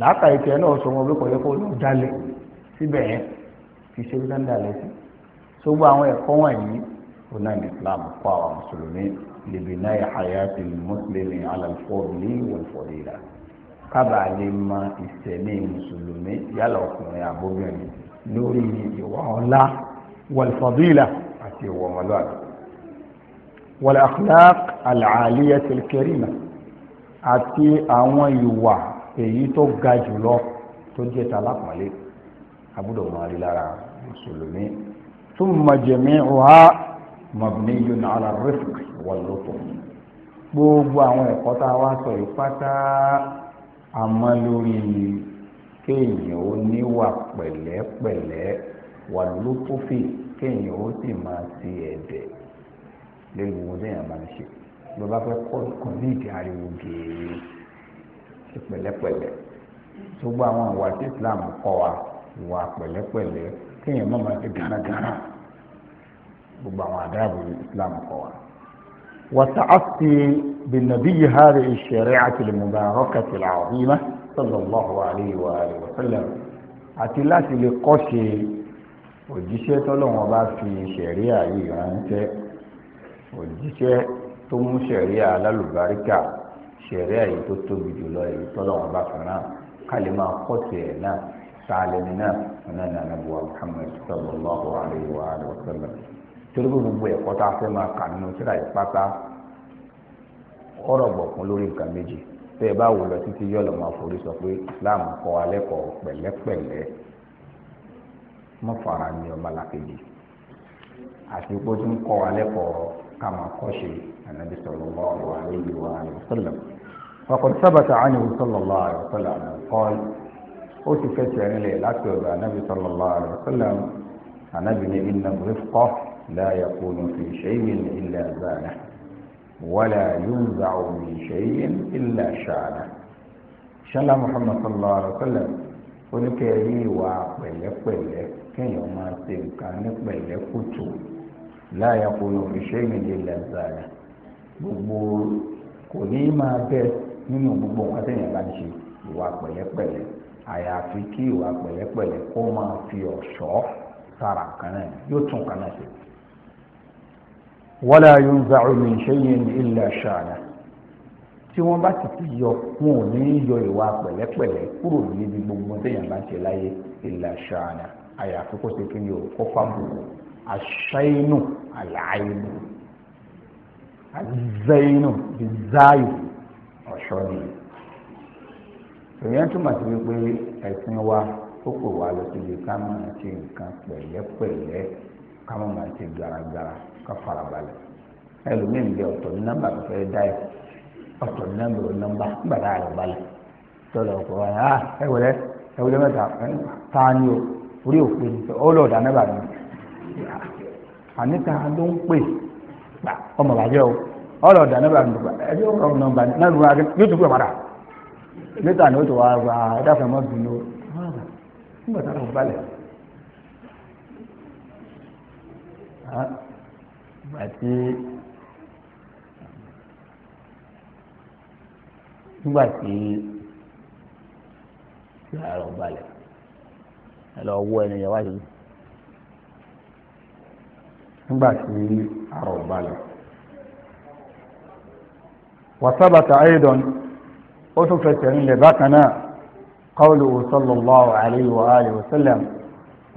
làákàyè tiẹ̀ náà sọ fún ọgbẹ́kọ̀ọ́ yẹ kọ́ lọ dálẹ̀ síbẹ̀ yẹn kì í ṣe bí dáńdà lẹ́sìn sógbó àwọn ẹ̀kọ́ wọ̀nyí ọ̀nà Islam kọ́ àwọn mùsùlùmí lèbi náà yà hayati mùsùlùmí alàlùfọ́ọ̀lì wọ̀lùfọ́ọ̀lìlà kábàá lè mọ ìsẹ̀mí mùsùlùmí yálà ọkùnrin àbóbìnrin lórí ìwà ọ̀la wọ̀lùfọ́ọ̀lìlà àti ìwà ọmọlúwàbí wọ̀lùfọ́ọ̀lìlà àlàálíyà tẹ̀lẹ́kẹ́rìmà àti àwọn ìwà èyí tó ga jùlọ tó jẹ́ ta lápàlẹ́ abúdọ̀ máa rí lára mùsùlùmí thumma jami'uha mabniyun ala rifq wal lutf gbogbo àwọn ẹ̀kọ́ tá a wá sọ yìí àmọ́ lórí kéèyàn ó níwà pẹ̀lẹ́pẹ̀lẹ́ wà lókòfì kéèyàn ó sì máa ti ẹ̀dẹ̀ lórí gbogbo téèyàn máa ń ṣe ló bá fẹ́ kọ́ ní ìdí ariwo gèèrè pẹ̀lẹ́pẹ̀lẹ́ gbogbo àwọn ìwà tí Islam kọ́ wa ìwà pẹ̀lẹ́pẹ̀lẹ́ kéèyàn má máa ti gánagánà gbogbo àwọn àdáàbò islam kọ wa. wàtàásì bìnàbí yìí hàrì ìṣẹ̀rẹ̀ àtìlẹ́mùbà rọ́kẹ̀tìlà ọ̀hìnmá sallallahu alayhi wa alihi wa sallam àti láti lè kọ́ṣe òjíṣẹ́ tọ́lọ́wọ́n bá fi ṣẹ̀ríà yìí ránṣẹ́ òjíṣẹ́ tó mú ṣẹ̀ríà alálùbáríkà ṣẹ̀ríà yìí tó tóbi jùlọ èyí tọ́lọ́wọ́n bá fi rán ká lè máa kọ́ṣe ẹ̀ náà sàlẹ̀mínà ọ̀nà nànàbùwà Muhammad sallallahu alayhi wa alihi wa sallam torí pé gbogbo ẹ̀kọ́ tá a fẹ́ máa kà nínú síra ìpátá ọ̀rọ̀ gbọ̀kún lórí nǹkan méjì tẹ́ ẹ bá wò lọ títí yọ̀ lọ́mọ àforí sọ pé Islam kọ́ alẹ́ kọ́ pẹ̀lẹ́pẹ̀lẹ́ mọ́fara ni ọmọ làkejì àti pé ó tún kọ́ alẹ́ kọ́ ká máa kọ́ ṣe ànábi sallallahu alayhi wa sallam. Faqad thabata anhu sallallahu alayhi wa sallam qala. ó ti fẹsẹ̀ rinlẹ̀ láti ọ̀dọ̀ anábì sallallahu alaihi wasallam anábì ní inna rifqa la yakunu fi shay'in illa zana wala yunza'u min shay'in illa shana ṣálá muhammad sallallahu alaihi wasallam oníkẹ́rí ìwà pẹ̀lẹ́pẹ̀lẹ́ kéèyàn máa ṣe nǹkan ní pẹ̀lẹ́kùtù la yakunu fi shay'in illa zana gbogbo kò ní máa bẹ nínú gbogbo nǹkan téèyàn bá ń ṣe ìwà pẹ̀lẹ́pẹ̀lẹ́ àyàfi kí ìwà pẹ̀lẹ́pẹ̀lẹ́ kó máa fi ọ̀ṣọ́ sára kan náà yóò tún kan náà ṣe. wala yunza'u min shay'in illa sha'na tí wọ́n bá ti ti yọ wọn ò ní yọ ìwà pẹ̀lẹ́pẹ̀lẹ́ kúrò níbi gbogbo téèyàn bá ń ṣe láyé illa sha'na àyàfi kó ṣe kí o kó fábùkù àṣàyínú àlàáyínú àzẹ́yínú ìzáyò ọ̀ṣọ́ nìyẹn èèyàn túmọ̀ sí wípé ẹ̀sìn wa ó pè wá lọ síbi ká máa ṣe nǹkan pẹ̀lẹ́pẹ̀lẹ́ ká máa máa ṣe garagara ká farabalẹ̀ ẹlòmíín bẹ ọ̀tọ̀ ní nọ́mbà tó fẹ́ dá ẹ̀ ọ̀tọ̀ ní nọ́mbà ní nọ́mbà nígbà tá a lọ balẹ̀ tọ́lọ̀ ọ̀pọ̀ wa ah ẹ wọlé ẹ wọlé mẹ́ta ta ni o orí òpin ó lọ ọ̀dà mẹ́bà ni àníta ló ń pè ọmọ bàjẹ́ o ọ̀dà nọ́mbà ni náà lẹ́tà ni ó tó wá gba ẹ̀dáfẹ́ mọ́ bínú nígbà táwọn kò balẹ̀ àti nígbà tí àrò balẹ̀ ẹ lọ wọ ẹni yẹn wáyé nígbà tí àrò balẹ̀ wàsábàtà ayédọ́ni ó tún fẹsẹ̀ rinlẹ̀ bákan náà qawluhu sallallahu alayhi wa alihi wa sallam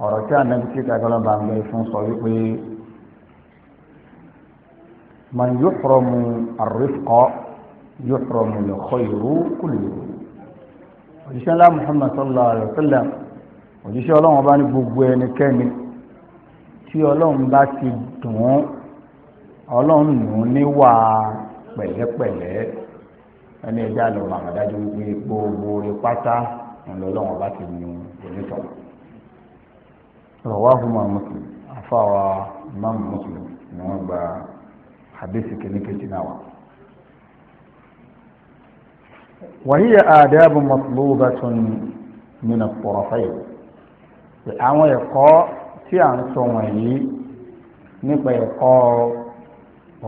ọ̀rọ̀ tí ànábi tí kàgbọ́n bá ń gbé fún sọ wípé man yuhramu ar-rifqa yuhramu al-khayru kulluhu òjíṣẹ́ ńlá muhammad sallallahu alayhi wa sallam òjíṣẹ́ ọlọ́run bá ní gbogbo ẹnikẹ́ni tí ọlọ́run bá ti dùn ọlọ́run nù ún níwà pẹ̀lẹ́pẹ̀lẹ́ ẹni ẹja lọ mà á wípé gbogbo orí pátá ńlọlọ́wọ́n ti nu onítọ̀ rọwá fún màmú àfàwà màmú ni wọ́n gba hadisi kìnnìkìtì náà wà. وهي آداب مطلوبة من الطرفين àwọn ẹ̀kọ́ tí à ń sọ wọ̀nyí nípa ẹ̀kọ́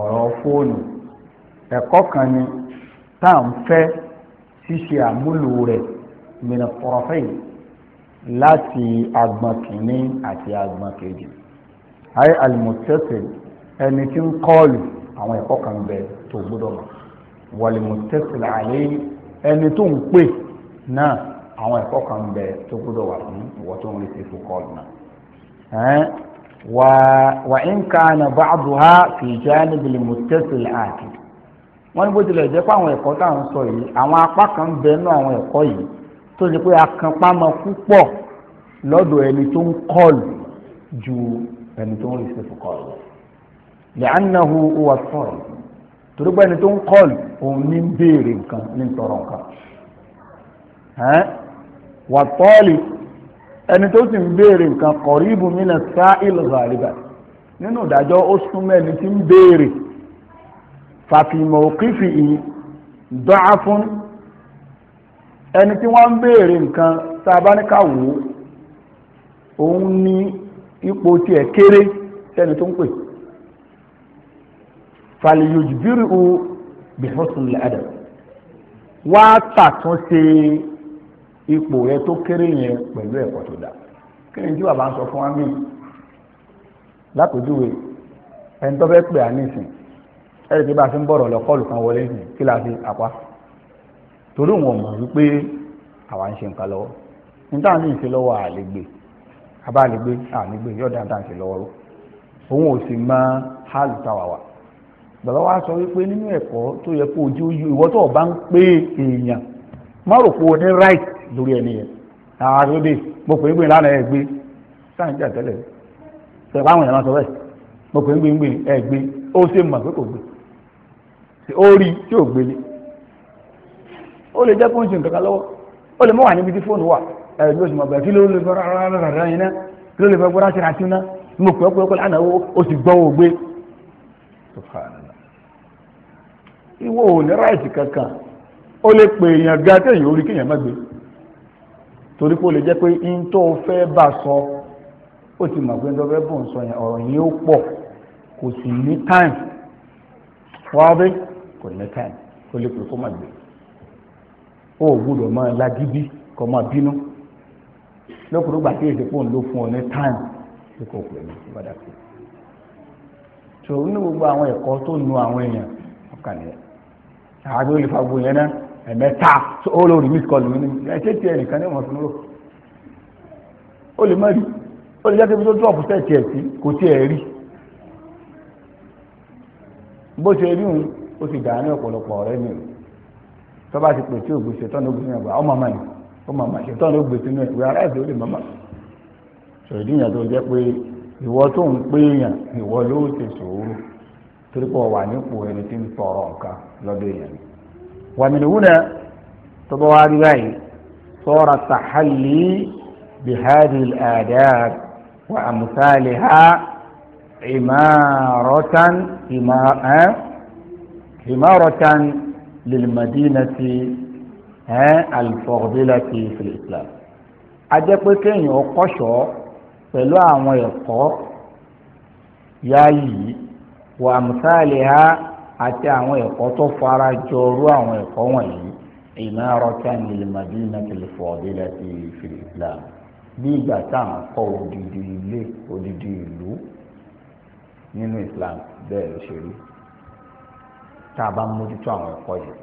ọ̀rọ̀ fóònù ẹ̀kọ́ kan ni tá à ń fẹ́ ṣíṣe àmúlò rẹ̀ mìíràn pọ̀rọ̀fẹ́yì láti agbọ̀n kìíní àti agbọ̀n kejì ayé alimọ̀tẹ́sẹ̀ ẹni tí ń kọ́ọ̀lù àwọn ẹ̀kọ́ kan bẹ tó gbọ́dọ̀ mọ̀ wàlìmọ̀tẹ́sẹ̀ àlẹ́ ẹni tó ń pè náà àwọn ẹ̀kọ́ kan bẹ tó gbọ́dọ̀ wà fún ìwọ tó ń retí fún kọ́ọ̀lù náà wa in kana ba'duha fi janib al-muttasil akid wọ́n ní bó tilẹ̀ jẹ́ pé àwọn ẹ̀kọ́ tá à ń sọ yìí àwọn apá kan ń bẹ nínú àwọn ẹ̀kọ́ yìí tó ṣe pé akànpámọ púpọ̀ lọ́dọ̀ ẹni tó ń kọlù ju ẹni tó ń rí sí kọlù lẹ́ànáhu wà sọ̀rọ̀ torí pé ẹni tó ń kọlù òun ní béèrè nǹkan ní tọrọ nǹkan wà tọ́ọ̀lì ẹni tó sì ń béèrè nǹkan kọ̀rí ibùmínà sáà ìlú ràlíbà nínú ìdájọ́ ó súnmọ́ ẹni tí ń béèrè fàfi mọ̀ọ́kífì yìí dọ́á fún ẹni tí wọ́n ń béèrè nǹkan tá a bá ní ká wò ó òun ní ipò tiẹ̀ kéré sẹ́ni tó ń pè fàlìyòjìbìrì o bìhùsùn lẹ́dà wá tàtúnṣe ipò rẹ tó kéré yẹn pẹ̀lú ẹ̀kọ́ tó dáa kí ni tí bàbá ń sọ fún wa mí lápèjúwe ẹni tó fẹ́ pè á nísìnyí ẹ̀rì tí bá fi ń bọ̀rọ̀ lọ kọlù kan wọlé nìyí kí la fi apá torí wọn mọ̀ wípé àwa ń ṣe nǹkan lọ́wọ́ níta ní ìṣe lọ́wọ́ àlégbè abálégbé àlégbè yóò dáadáa ń ṣe lọ́wọ́ òun ò sì mọ hálù táwa wà bàbá wa sọ wípé nínú ẹ̀kọ́ tó yẹ kó ojú ìwọ tó bá ń pé èèyàn má rò pé o ní right lórí ẹni yẹn àárẹ̀dẹ̀ mo pè é gbìn lánàá ẹ̀ gbé sáà ń jà tẹ́lẹ̀ sọ pé àwọn èèyàn máa sọ bẹ́ẹ̀ mo pè é gbìn gbìn gbé ó ṣe mọ̀ pé kò gbìn ó rí tí ò gbélé ó lè jẹ́ kó ń ṣe nǹkan lọ́wọ́ ó lè mọ́ wà níbi tí fóònù wà ẹ̀rọ ló sì mọ̀ bẹ́ẹ̀ kí ló lè rárá rárá kí ló lè mo ó sì gbọ́ ògbé ìwọ ò ní ráìtì kankan ó lè pè èèyàn ga ó lè jẹ́ pé kò ní time kó lè pè kó má gbé ó gbúdọ̀ máa lagídí kó máa bínú lọ́kùnrin gbà tí èsì pò ń lò fún ọ ní time tí kò pè ní ìbàdàn pé tó ní gbogbo àwọn ẹ̀kọ́ tó nu àwọn èèyàn ọkàn nìyẹn àwọn tó lè fa gbogbo yẹn náà ẹ̀mẹ́ta ó lórí miss call mi ní ẹ̀ṣẹ́ tiẹ̀ nìkan ní ìmọ̀ fúnrò ó lè má rí ó lè jáde bí tó drop set tiẹ̀ sí kò tiẹ̀ rí bó ṣe rí òun ó sì dà á ní ọ̀pọ̀lọpọ̀ ọ̀rẹ́ mi o tó bá ti pè tí ògbé ṣetán ló gbé sínú ẹ̀gbà ọmọ màmá yìí ó màmá ṣetán ló gbé sínú ẹ̀gbà ará ìdó lè màmá sọ̀rọ̀ ìdí ìyàn tó jẹ́ pé ìwọ tó ń pé èèyàn ìwọ ló ti sòwúrò torí pé ọ̀wà nípò ẹni tí ń tọrọ nǹkan lọ́dọ̀ èèyàn wàmìnì wúnà tó bá wá rí báyìí sọ́ra tàhálì bihadi àdáàd wa àmúsálì ha ìmárọ̀tán ìmárọ̀tán imaratan lilmadinati ẹn alifọdilati fil islam ajẹpẹ kẹyìn ọkọṣọ pẹ̀lú àwọn ẹ̀kọ́ yáàyè wà mùsàlẹ ha àti àwọn ẹ̀kọ́ tó fara jọrú àwọn ẹ̀kọ́ wọ̀nyí imaratan lilmadinati alifọdilati fil islam bí ìgbà tá à ń kọ́ odidi ilé odidi ìlú nínú islam bẹ́ẹ̀ ló ṣe rí. tá a bá mójútó àwọn ẹ̀kọ́ yẹn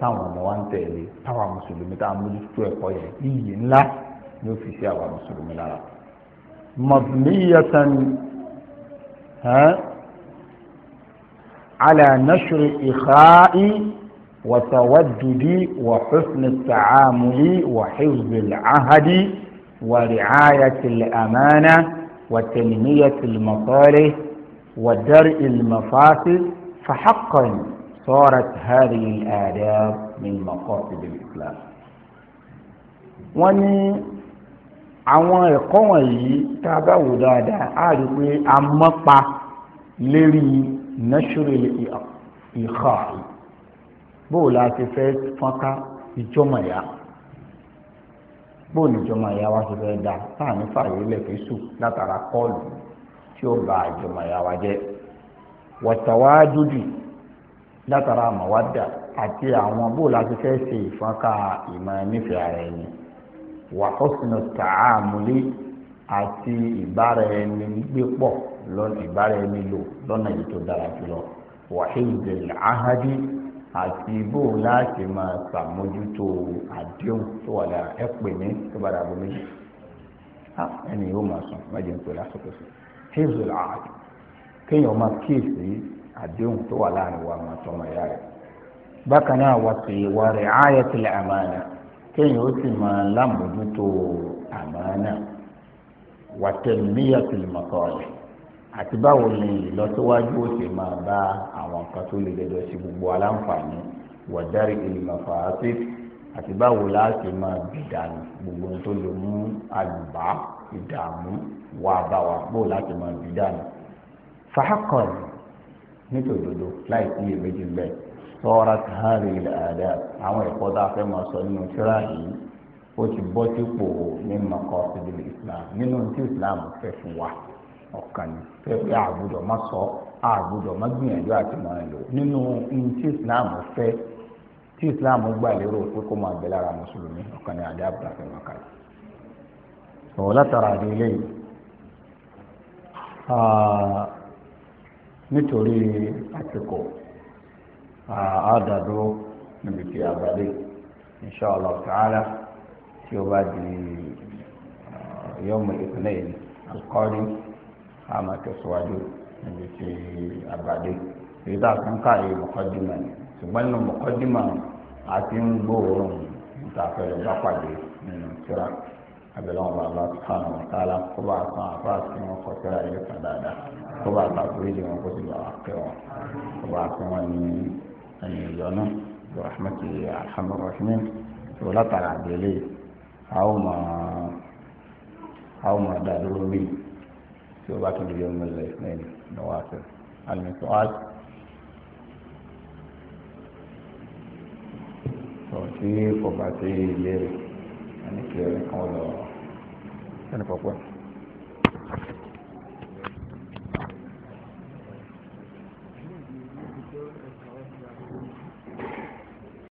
táwọn ọmọ wa ń tẹ̀lé táwọn mùsùlùmí tá a mójútó ẹ̀kọ́ yẹn iyì ńlá ni ó fi sí àwọn mùsùlùmí lára mọ̀tìlíyàtàn على نشر إخاء وتودد وحسن التعامل وحفظ العهد ورعاية الأمانة وتنمية المصالح ودرء المفاسد فحقا صارت هذه الآداب من مقاصد الإسلام wọ́n ní àwọn ẹ̀kọ́ wọ̀nyí tá a bá wò dáadáa á rí i pé a mọ́pa lérí nashuril ìkọ́ bóò la ti fẹ́ fọ́nká ìjọmọ̀yà bóò ní ìjọmọ̀yà wa ti fẹ́ da táà ní fàyè lẹ́fẹ̀ẹ́ sùn látara kọ́ọ̀lù tí ó bà ìjọmọ̀yà wa jẹ́ wọ̀tàwádùdì látara àmọ̀wádà àti àwọn bóòlù àti fẹ́ ṣe ìfọ́nká ìmọ̀ nífẹ̀ẹ́ ara ẹni wà husnu ta'amuli àti ìbára ẹni gbé pọ̀ lọ́nà ìbára ẹni lò lọ́nà yìí tó dára jùlọ wà hifzil ahadi àti bóòlù láti máa ṣàmójútó àdéhùn tó wà lára ẹ pè ní tó bá dàbò méjì ah, ẹni yóò máa sùn méjì ń pè lásìkò sí hifzil ahadi kéèyàn máa kíyèsí àdéhùn tó wà láàrin wa máa tọmọ ìyá rẹ̀ bákan náà wà sí ìwà rẹ̀ ayatul amana kéèyàn ó sì máa lámòjútó àmàna wà tanmiyatul masalih àti báwo ni ìlọsíwájú ó sì máa bá àwọn nǹkan tó lè dẹdọ̀ sí gbogbo aláǹfààní wa dari al-mafasid àti báwo la ṣe máa gbìdànù gbogbo tó lè mú àlùbá ìdààmú wà bá wa bó láti máa gbìdànù fàákàn nítòdodo láì sí iyèméjì bẹ́ẹ̀ sọ́ra kárí ilẹ̀ àdá àwọn ẹ̀kọ́ tá a fẹ́ máa sọ nínú tírà yìí ó ti bọ́ sípò ní maqasidil islam nínú tí islam fẹ́ fún wa ọ̀kan ni fẹ́ pé àgùdọ̀ má sọ àgùdọ̀ má gbìyànjú àti máa lò nínú tí islam fẹ́ tí islam gbà lérò pé kó máa bẹ lára mùsùlùmí ọ̀kan ni àdá àbúrò àfẹ́ máa kàlẹ́ sọ̀rọ̀ látara àdé eléyìí nítorí àsìkò àádàdúró níbi tí àbálẹ̀ insha Allah ta'ala tí ó bá di yọmọ ìpínlẹ̀ alkọ́rí àmà tẹ̀síwájú níbi tí àbálẹ̀ èyí tá a kàn káàyè mọ̀kọ́dìmọ̀ ni ṣùgbọ́n nínú mọ̀kọ́dìmọ̀ àti ń gbóòórùn níta fẹ́rẹ̀ bá pàdé nínú tíra abẹ́lẹ́ wọn bá lọ́ọ́ sùn àwọn ọ̀tá alákóbá àtàn àfáà tí wọ́n kọ́ tíra yìí kan dáadáa kó bá bá àforíjì wọn kó sì bá kẹ́ wọn kó bá fún wọn ní ẹ̀yìn ìyọnú rahmatu alhamdulilayi rahmin tó látara àgbélé a ó mọ a ó mọ dàdúró bí tí ó bá tún lè yọ ọmọ ilẹ̀ ìsìn lọ́wọ́ àti alimẹ̀tọ́ àti. tí kò bá ti ilé ẹni kí ẹni kan lọ ẹni pọ̀pọ̀.